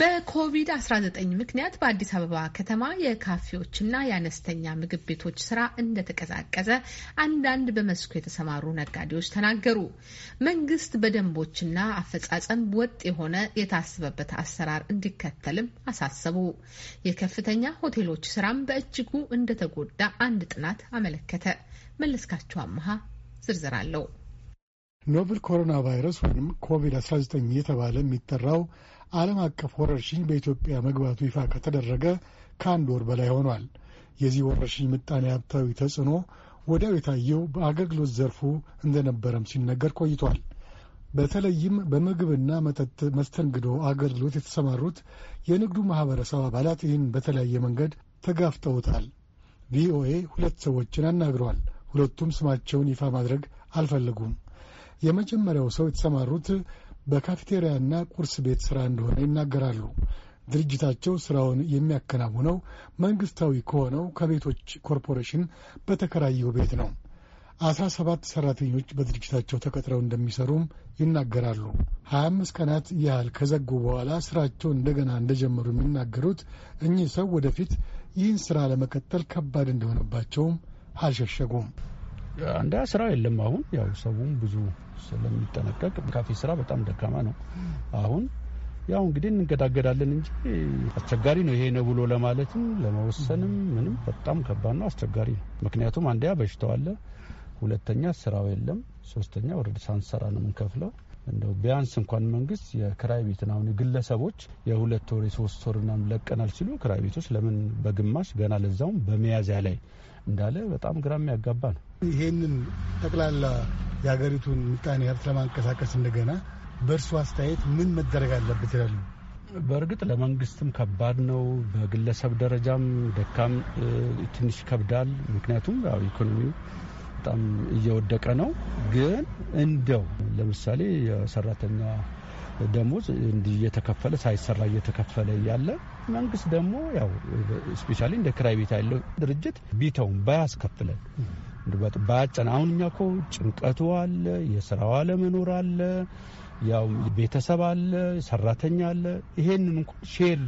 በኮቪድ-19 ምክንያት በአዲስ አበባ ከተማ የካፌዎችና የአነስተኛ ምግብ ቤቶች ስራ እንደተቀዛቀዘ አንዳንድ በመስኩ የተሰማሩ ነጋዴዎች ተናገሩ። መንግስት በደንቦችና አፈጻጸም ወጥ የሆነ የታሰበበት አሰራር እንዲከተልም አሳሰቡ። የከፍተኛ ሆቴሎች ስራም በእጅጉ እንደተጎዳ አንድ ጥናት አመለከተ። መለስካቸው አመሃ ዝርዝር አለው። ኖቨል ኮሮና ቫይረስ ወይም ኮቪድ-19 እየተባለ የሚጠራው ዓለም አቀፍ ወረርሽኝ በኢትዮጵያ መግባቱ ይፋ ከተደረገ ከአንድ ወር በላይ ሆኗል። የዚህ ወረርሽኝ ምጣኔ ሀብታዊ ተጽዕኖ ወዲያው የታየው በአገልግሎት ዘርፉ እንደነበረም ሲነገር ቆይቷል። በተለይም በምግብና መጠጥ መስተንግዶ አገልግሎት የተሰማሩት የንግዱ ማኅበረሰብ አባላት ይህን በተለያየ መንገድ ተጋፍጠውታል። ቪኦኤ ሁለት ሰዎችን አናግረዋል። ሁለቱም ስማቸውን ይፋ ማድረግ አልፈለጉም። የመጀመሪያው ሰው የተሰማሩት በካፍቴሪያና ቁርስ ቤት ሥራ እንደሆነ ይናገራሉ። ድርጅታቸው ሥራውን የሚያከናውነው መንግሥታዊ ከሆነው ከቤቶች ኮርፖሬሽን በተከራየው ቤት ነው። አስራ ሰባት ሠራተኞች በድርጅታቸው ተቀጥረው እንደሚሠሩም ይናገራሉ። ሀያ አምስት ቀናት ያህል ከዘጉ በኋላ ሥራቸው እንደገና እንደጀመሩ የሚናገሩት እኚህ ሰው ወደፊት ይህን ሥራ ለመቀጠል ከባድ እንደሆነባቸውም አልሸሸጉም። አንዳ ሥራ የለም። አሁን ያው ሰውም ብዙ ስለሚጠነቀቅ ካፌ ስራ በጣም ደካማ ነው። አሁን ያው እንግዲህ እንገዳገዳለን እንጂ አስቸጋሪ ነው። ይሄ ነው ብሎ ለማለትም ለመወሰንም ምንም በጣም ከባድ ነው፣ አስቸጋሪ ነው። ምክንያቱም አንደኛ በሽታው አለ፣ ሁለተኛ ስራው የለም፣ ሶስተኛ ወረድ ሳንሰራ ነው የምንከፍለው። እንደው ቢያንስ እንኳን መንግስት የክራይ ቤትን አሁን ግለሰቦች የሁለት ወር የሶስት ወር ምናምን ለቀናል ሲሉ ክራይ ቤቶች ለምን በግማሽ ገና ለዛውም በመያዝያ ላይ እንዳለ በጣም ግራ የሚያጋባ ነው። ይሄንን ጠቅላላ የሀገሪቱን ምጣኔ ሀብት ለማንቀሳቀስ እንደገና በእርሱ አስተያየት ምን መደረግ አለበት ይላሉ? በእርግጥ ለመንግስትም ከባድ ነው። በግለሰብ ደረጃም ደካም ትንሽ ይከብዳል። ምክንያቱም ያው ኢኮኖሚው በጣም እየወደቀ ነው። ግን እንደው ለምሳሌ የሰራተኛ ደሞዝ እንዲህ እየተከፈለ ሳይሰራ እየተከፈለ እያለ መንግስት ደግሞ ያው ስፔሻሊ እንደ ክራይ ቤት ያለው ድርጅት ቢተውን ባያስከፍለን በአጭን አሁን እኛ እኮ ጭንቀቱ አለ፣ የስራው አለመኖር አለ፣ ያው ቤተሰብ አለ፣ ሰራተኛ አለ። ይሄንን ሼር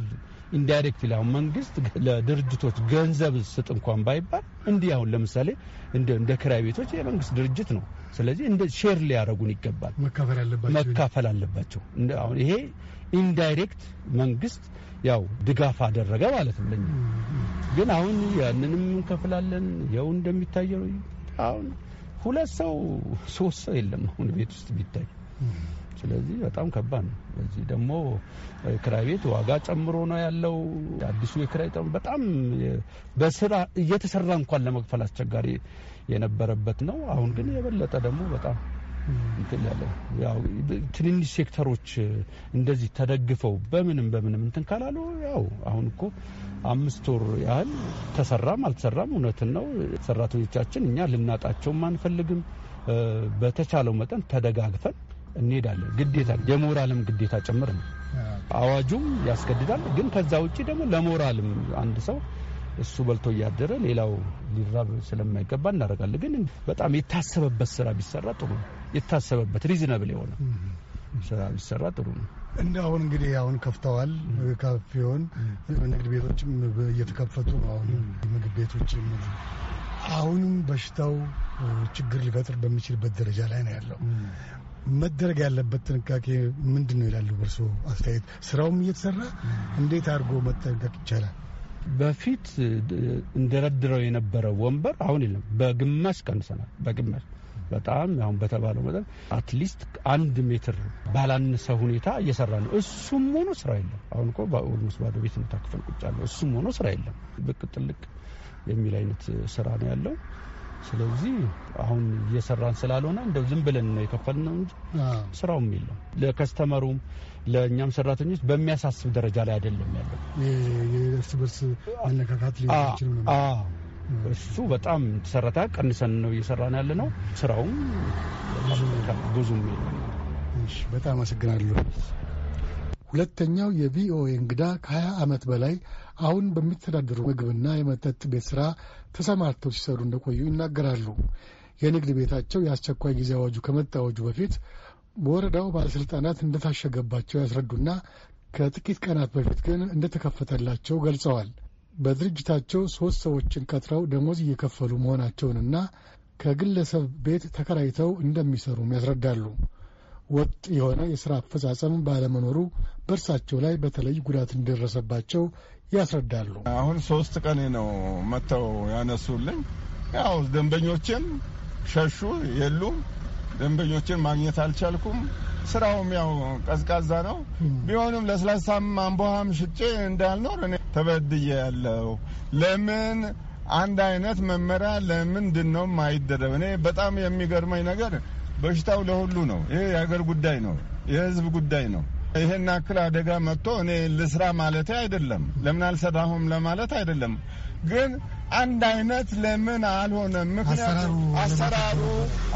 ኢንዳይሬክትሊ አሁን መንግስት ለድርጅቶች ገንዘብ ስጥ እንኳን ባይባል እንዲህ አሁን ለምሳሌ እንደ ክራይ ቤቶች የመንግስት ድርጅት ነው። ስለዚህ እንደ ሼር ሊያደረጉን ይገባል፣ መካፈል አለባቸው። አሁን ይሄ ኢንዳይሬክት መንግስት ያው ድጋፍ አደረገ ማለት ነው። ግን አሁን ያንንም እንከፍላለን። ያው እንደሚታየው አሁን ሁለት ሰው ሶስት ሰው የለም አሁን ቤት ውስጥ ቢታይ ስለዚህ በጣም ከባድ ነው። በዚህ ደግሞ ክራይ ቤት ዋጋ ጨምሮ ነው ያለው። አዲሱ የክራይ በጣም በስራ እየተሰራ እንኳን ለመክፈል አስቸጋሪ የነበረበት ነው። አሁን ግን የበለጠ ደግሞ በጣም እንትን ያለ ትንንሽ ሴክተሮች እንደዚህ ተደግፈው በምንም በምንም እንትን ካላሉ ያው አሁን እኮ አምስት ወር ያህል ተሰራም አልተሰራም እውነትን ነው። ሰራተኞቻችን እኛ ልናጣቸውም አንፈልግም። በተቻለው መጠን ተደጋግፈን እንሄዳለን። ግዴታ የሞራልም ግዴታ ጭምር ነው። አዋጁም ያስገድዳል። ግን ከዛ ውጭ ደግሞ ለሞራልም አንድ ሰው እሱ በልቶ እያደረ ሌላው ሊራብ ስለማይገባ እናደርጋለን። ግን በጣም የታሰበበት ስራ ቢሰራ ጥሩ ነው። የታሰበበት ሪዝነብል የሆነ ስራ ቢሰራ ጥሩ ነው። እንደ አሁን እንግዲህ አሁን ከፍተዋል ካፌውን፣ ንግድ ቤቶችም እየተከፈቱ ነው። አሁን ምግብ ቤቶች አሁንም በሽታው ችግር ሊፈጥር በሚችልበት ደረጃ ላይ ነው ያለው። መደረግ ያለበት ጥንቃቄ ምንድን ነው ይላሉ በእርስዎ አስተያየት? ስራውም እየተሰራ እንዴት አድርጎ መጠንቀቅ ይቻላል? በፊት እንደረድረው የነበረው ወንበር አሁን የለም። በግማሽ ቀንሰናል። በግማሽ በጣም አሁን በተባለው መጠን አትሊስት አንድ ሜትር ባላነሰ ሁኔታ እየሰራ ነው። እሱም ሆኖ ስራ የለም። አሁን እኮ በኦልሞስ ባዶ ቤት ነው ታክፈን ቁጭ ያለው። እሱም ሆኖ ስራ የለም። ብቅ ጥልቅ የሚል አይነት ስራ ነው ያለው። ስለዚህ አሁን እየሰራን ስላልሆነ እንደው ዝም ብለን ነው የከፈልነው እንጂ ስራውም የለም። ለከስተመሩም ለእኛም ሰራተኞች በሚያሳስብ ደረጃ ላይ አይደለም ያለው። የእርስ በርስ መነካካት እሱ በጣም ሰረታ ቀንሰን ነው እየሰራን ያለ ነው። ስራውም ብዙም የለም። በጣም አመሰግናለሁ። ሁለተኛው የቪኦኤ እንግዳ ከ20 ዓመት በላይ አሁን በሚተዳደሩ ምግብና የመጠጥ ቤት ሥራ ተሰማርተው ሲሰሩ እንደቆዩ ይናገራሉ። የንግድ ቤታቸው የአስቸኳይ ጊዜ አዋጁ ከመታወጁ በፊት በወረዳው ባለሥልጣናት እንደታሸገባቸው ያስረዱና ከጥቂት ቀናት በፊት ግን እንደተከፈተላቸው ገልጸዋል። በድርጅታቸው ሦስት ሰዎችን ቀጥረው ደሞዝ እየከፈሉ መሆናቸውንና ከግለሰብ ቤት ተከራይተው እንደሚሰሩም ያስረዳሉ። ወጥ የሆነ የሥራ አፈጻጸም ባለመኖሩ በእርሳቸው ላይ በተለይ ጉዳት እንደደረሰባቸው ያስረዳሉ። አሁን ሶስት ቀኔ ነው መጥተው ያነሱልኝ። ያው ደንበኞችን ሸሹ፣ የሉም ደንበኞችን ማግኘት አልቻልኩም። ስራውም ያው ቀዝቃዛ ነው። ቢሆንም ለስላሳም አንቦሃም ሽጬ እንዳልኖር እኔ ተበድዬ ያለው ለምን አንድ አይነት መመሪያ ለምንድን ነው ማይደረብ? እኔ በጣም የሚገርመኝ ነገር በሽታው ለሁሉ ነው። ይሄ የሀገር ጉዳይ ነው፣ የህዝብ ጉዳይ ነው። ይሄን አክል አደጋ መጥቶ እኔ ልስራ ማለት አይደለም፣ ለምን አልሰራሁም ለማለት አይደለም። ግን አንድ አይነት ለምን አልሆነም? ምክንያቱ አሰራሩ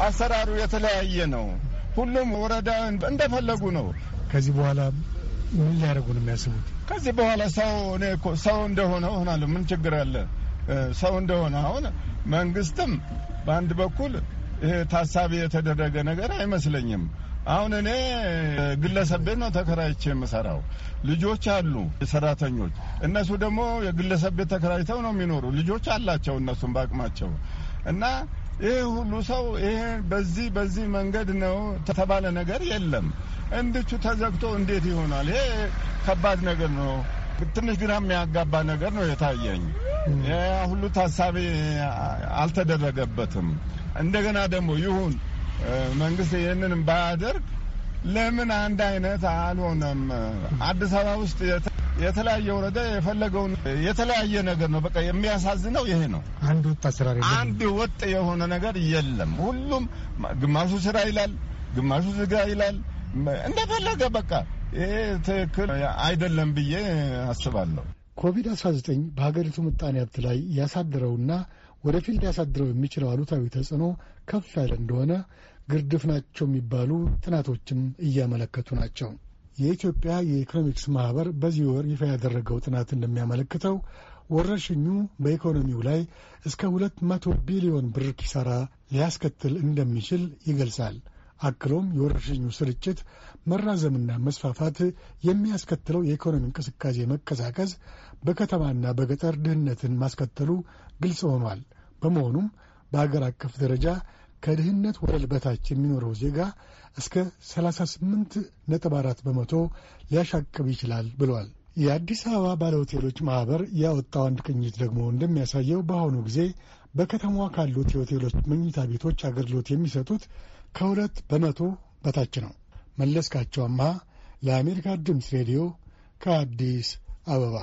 አሰራሩ የተለያየ ነው። ሁሉም ወረዳ እንደፈለጉ ነው። ከዚህ በኋላ ምን ሊያደርጉ ነው የሚያስቡት? ከዚህ በኋላ ሰው እኔ እኮ ሰው እንደሆነ ሆናለሁ። ምን ችግር አለ? ሰው እንደሆነ አሁን መንግስትም በአንድ በኩል ታሳቢ የተደረገ ነገር አይመስለኝም። አሁን እኔ ግለሰብ ቤት ነው ተከራይቼ የምሰራው። ልጆች አሉ ሰራተኞች፣ እነሱ ደግሞ የግለሰብ ቤት ተከራይተው ነው የሚኖሩ። ልጆች አላቸው እነሱም በአቅማቸው እና ይህ ሁሉ ሰው ይሄ በዚህ በዚህ መንገድ ነው ተባለ ነገር የለም። እንድቹ ተዘግቶ እንዴት ይሆናል? ይሄ ከባድ ነገር ነው። ትንሽ ግራ የሚያጋባ ነገር ነው የታየኝ። ሁሉ ታሳቢ አልተደረገበትም። እንደገና ደግሞ ይሁን መንግስት ይህንን ባያደርግ ለምን አንድ አይነት አልሆነም? አዲስ አበባ ውስጥ የተለያየ ወረዳ የፈለገውን የተለያየ ነገር ነው። በቃ የሚያሳዝነው ይሄ ነው። አንድ ወጥ አሰራር፣ አንድ ወጥ የሆነ ነገር የለም። ሁሉም ግማሹ ስራ ይላል፣ ግማሹ ዝጋ ይላል። እንደፈለገ በቃ ይሄ ትክክል አይደለም ብዬ አስባለሁ። ኮቪድ-19 በሀገሪቱ ምጣኔ ሀብት ላይ ያሳደረውና ወደፊት ሊያሳድረው የሚችለው አሉታዊ ተጽዕኖ ከፍ ያለ እንደሆነ ግርድፍ ናቸው የሚባሉ ጥናቶችም እያመለከቱ ናቸው። የኢትዮጵያ የኢኮኖሚክስ ማህበር በዚህ ወር ይፋ ያደረገው ጥናት እንደሚያመለክተው ወረርሽኙ በኢኮኖሚው ላይ እስከ ሁለት መቶ ቢሊዮን ብር ኪሳራ ሊያስከትል እንደሚችል ይገልጻል። አክሎም የወረርሽኙ ስርጭት መራዘምና መስፋፋት የሚያስከትለው የኢኮኖሚ እንቅስቃሴ መቀዛቀዝ በከተማና በገጠር ድህነትን ማስከተሉ ግልጽ ሆኗል። በመሆኑም በአገር አቀፍ ደረጃ ከድህነት ወለል በታች የሚኖረው ዜጋ እስከ 38.4 በመቶ ሊያሻቅብ ይችላል ብሏል። የአዲስ አበባ ባለሆቴሎች ማኅበር ያወጣው አንድ ቅኝት ደግሞ እንደሚያሳየው በአሁኑ ጊዜ በከተማዋ ካሉት የሆቴሎች መኝታ ቤቶች አገልግሎት የሚሰጡት ከሁለት በመቶ በታች ነው። መለስካቸው አምሃ ለአሜሪካ ድምፅ ሬዲዮ ከአዲስ አበባ